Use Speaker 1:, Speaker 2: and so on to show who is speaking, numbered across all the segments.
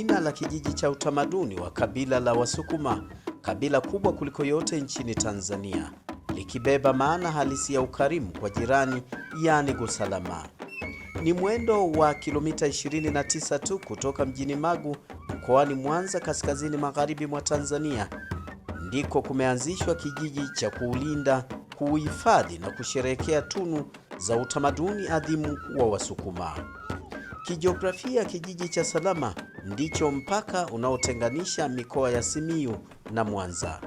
Speaker 1: jina la kijiji cha utamaduni wa kabila la Wasukuma, kabila kubwa kuliko yote nchini Tanzania, likibeba maana halisi ya ukarimu kwa jirani, yaani gusalama. Ni mwendo wa kilomita 29 tu kutoka mjini Magu mkoani Mwanza, kaskazini magharibi mwa Tanzania. Ndiko kumeanzishwa kijiji cha kuulinda, kuuhifadhi na kusherehekea tunu za utamaduni adhimu wa Wasukuma. Kijiografia, kijiji cha Salama ndicho mpaka unaotenganisha mikoa ya Simiyu na Mwanza.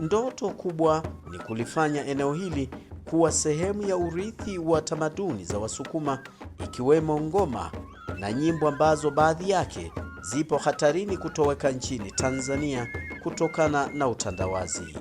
Speaker 1: Ndoto kubwa ni kulifanya eneo hili kuwa sehemu ya urithi wa tamaduni za Wasukuma ikiwemo ngoma na nyimbo ambazo baadhi yake zipo hatarini kutoweka nchini Tanzania kutokana na utandawazi.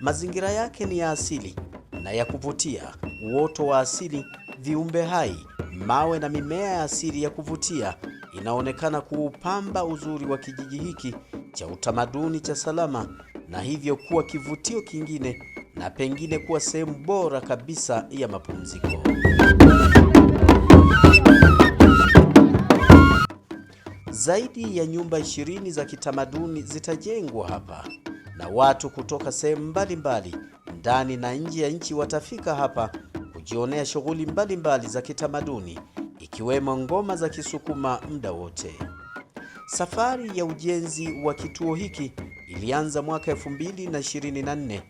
Speaker 1: Mazingira yake ni ya asili na ya kuvutia, uoto wa asili, viumbe hai, mawe na mimea ya asili ya kuvutia inaonekana kuupamba uzuri wa kijiji hiki cha utamaduni cha Salama na hivyo kuwa kivutio kingine na pengine kuwa sehemu bora kabisa ya mapumziko. Zaidi ya nyumba ishirini za kitamaduni zitajengwa hapa na watu kutoka sehemu mbalimbali ndani na nje ya nchi watafika hapa kujionea shughuli mbalimbali za kitamaduni ikiwemo ngoma za Kisukuma muda wote. Safari ya ujenzi wa kituo hiki ilianza mwaka 2024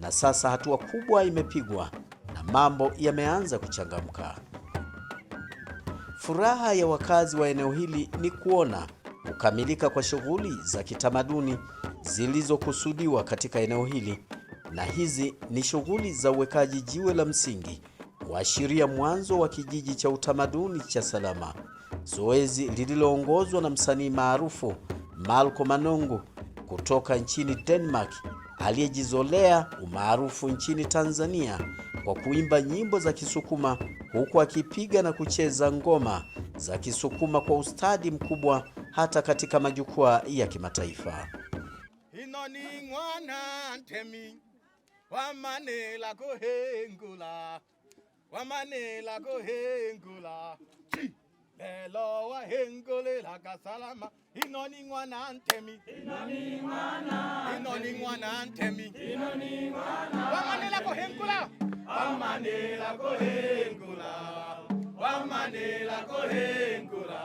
Speaker 1: na sasa hatua kubwa imepigwa na mambo yameanza kuchangamka. Furaha ya wakazi wa eneo hili ni kuona kukamilika kwa shughuli za kitamaduni zilizokusudiwa katika eneo hili, na hizi ni shughuli za uwekaji jiwe la msingi kuashiria mwanzo wa kijiji cha utamaduni cha Salama, zoezi lililoongozwa na msanii maarufu malko manongo kutoka nchini Denmark aliyejizolea umaarufu nchini Tanzania kwa kuimba nyimbo za Kisukuma huku akipiga na kucheza ngoma za Kisukuma kwa ustadi mkubwa hata katika majukwaa ya kimataifa. Inoni mwana ntemi wa manela kohengula salamane la go hengula lelo wa hengole la ka salama inoni ngwana ntemi
Speaker 2: inoni ngwana inoni ngwana ntemi
Speaker 1: inoni ngwana wamane la go hengula
Speaker 2: wamane la go hengula wamane la go hengula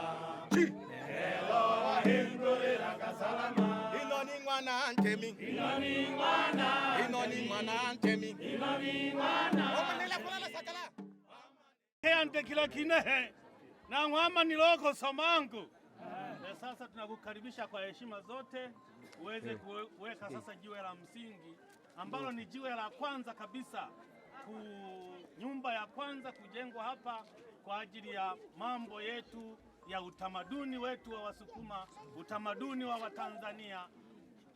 Speaker 2: lelo wa hengole la ka salama
Speaker 1: inoni ngwana ntemi
Speaker 2: inoni ngwana
Speaker 1: inoni ngwana ntemi
Speaker 2: inoni ngwana
Speaker 1: wamane la
Speaker 3: nte kila kinehe na ng'wama niloko somangu na sasa tunakukaribisha kwa heshima zote uweze kuweka sasa jiwe la msingi ambalo ni jiwe la kwanza kabisa ku nyumba ya kwanza kujengwa hapa kwa ajili ya mambo yetu ya utamaduni wetu wa Wasukuma, utamaduni wa Watanzania,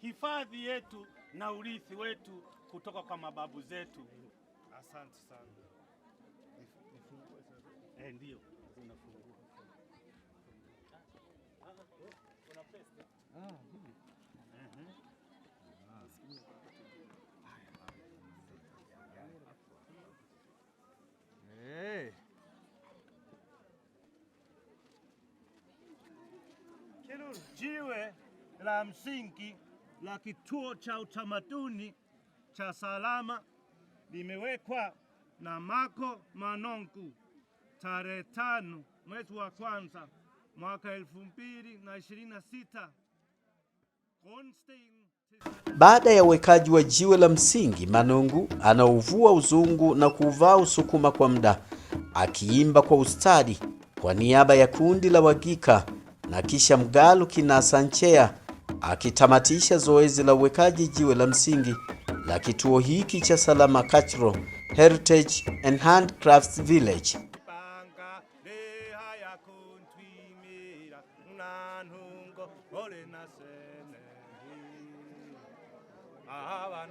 Speaker 3: hifadhi yetu na urithi wetu kutoka kwa mababu zetu.
Speaker 4: Asante sana. Eh, ndio zinafungua.
Speaker 3: Eh. Jiwe la msingi la kituo cha utamaduni cha Salama limewekwa na Mako Manongu tarehe tano mwezi wa kwanza mwaka elfu mbili na ishirini na sita.
Speaker 5: Baada ya uwekaji wa jiwe la msingi, Manungu anauvua uzungu na kuvaa usukuma kwa muda, akiimba kwa ustadi kwa niaba ya kundi la Wagika na kisha Mgalu Kinasanchea akitamatisha zoezi la uwekaji jiwe la msingi la kituo hiki cha Salama Cultural Heritage and Handcrafts Village.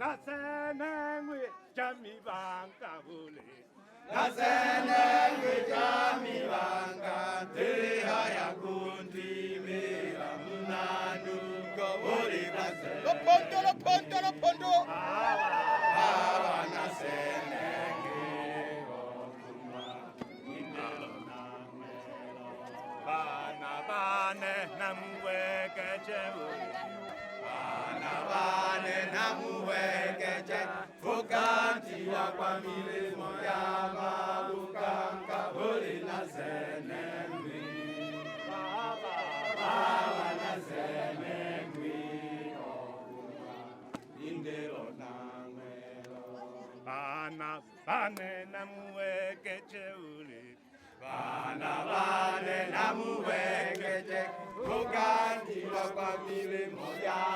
Speaker 5: nasenengwe jamibanga bule nasenengwe jamibanga teha yakuntimela munanu kobule kase lopondo lopondo lopondo aba
Speaker 3: nasenengwe okuma imelo namelo bana bane namwe kechebule bana bane namwe kwa milimo ya malukanga boli na zenemwi baba baba na zenemwi okuma oh, indelo nangwelo bana bane namuwekeche uli bana bane namuwekeche kugandilwa kwa milimo moya.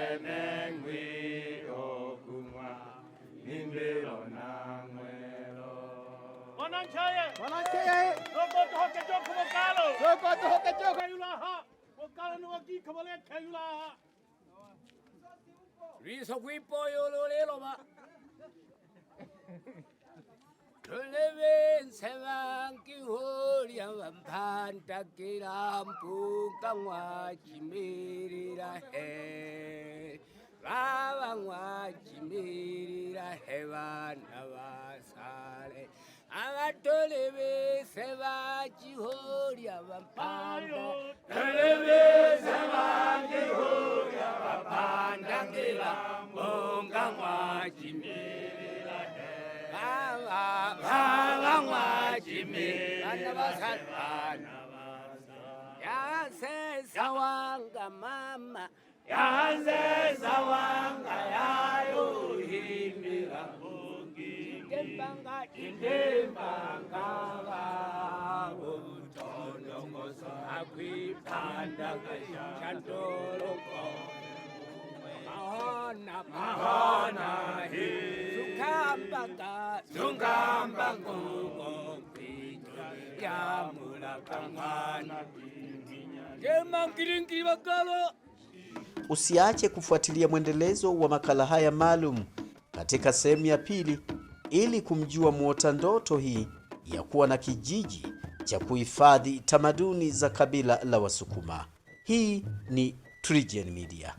Speaker 3: Wa wa wa, kaya. Joko Johor ke
Speaker 6: chimiri la he. Ravangwa chimiri tolebe seba jihori abapanda
Speaker 2: tolebe seba jihori abapanda ngila monga mwa jimirila
Speaker 6: baba baba mwa jimirila basana m ya se sawanga mama
Speaker 2: ya se sawanga ya ndembanga indembanga
Speaker 6: mahona
Speaker 2: mahona
Speaker 3: bakalo
Speaker 5: Usiache kufuatilia mwendelezo wa makala haya maalum katika sehemu ya pili ili kumjua muota ndoto hii ya kuwa na kijiji cha kuhifadhi tamaduni za kabila la Wasukuma. Hii ni TriGen Media.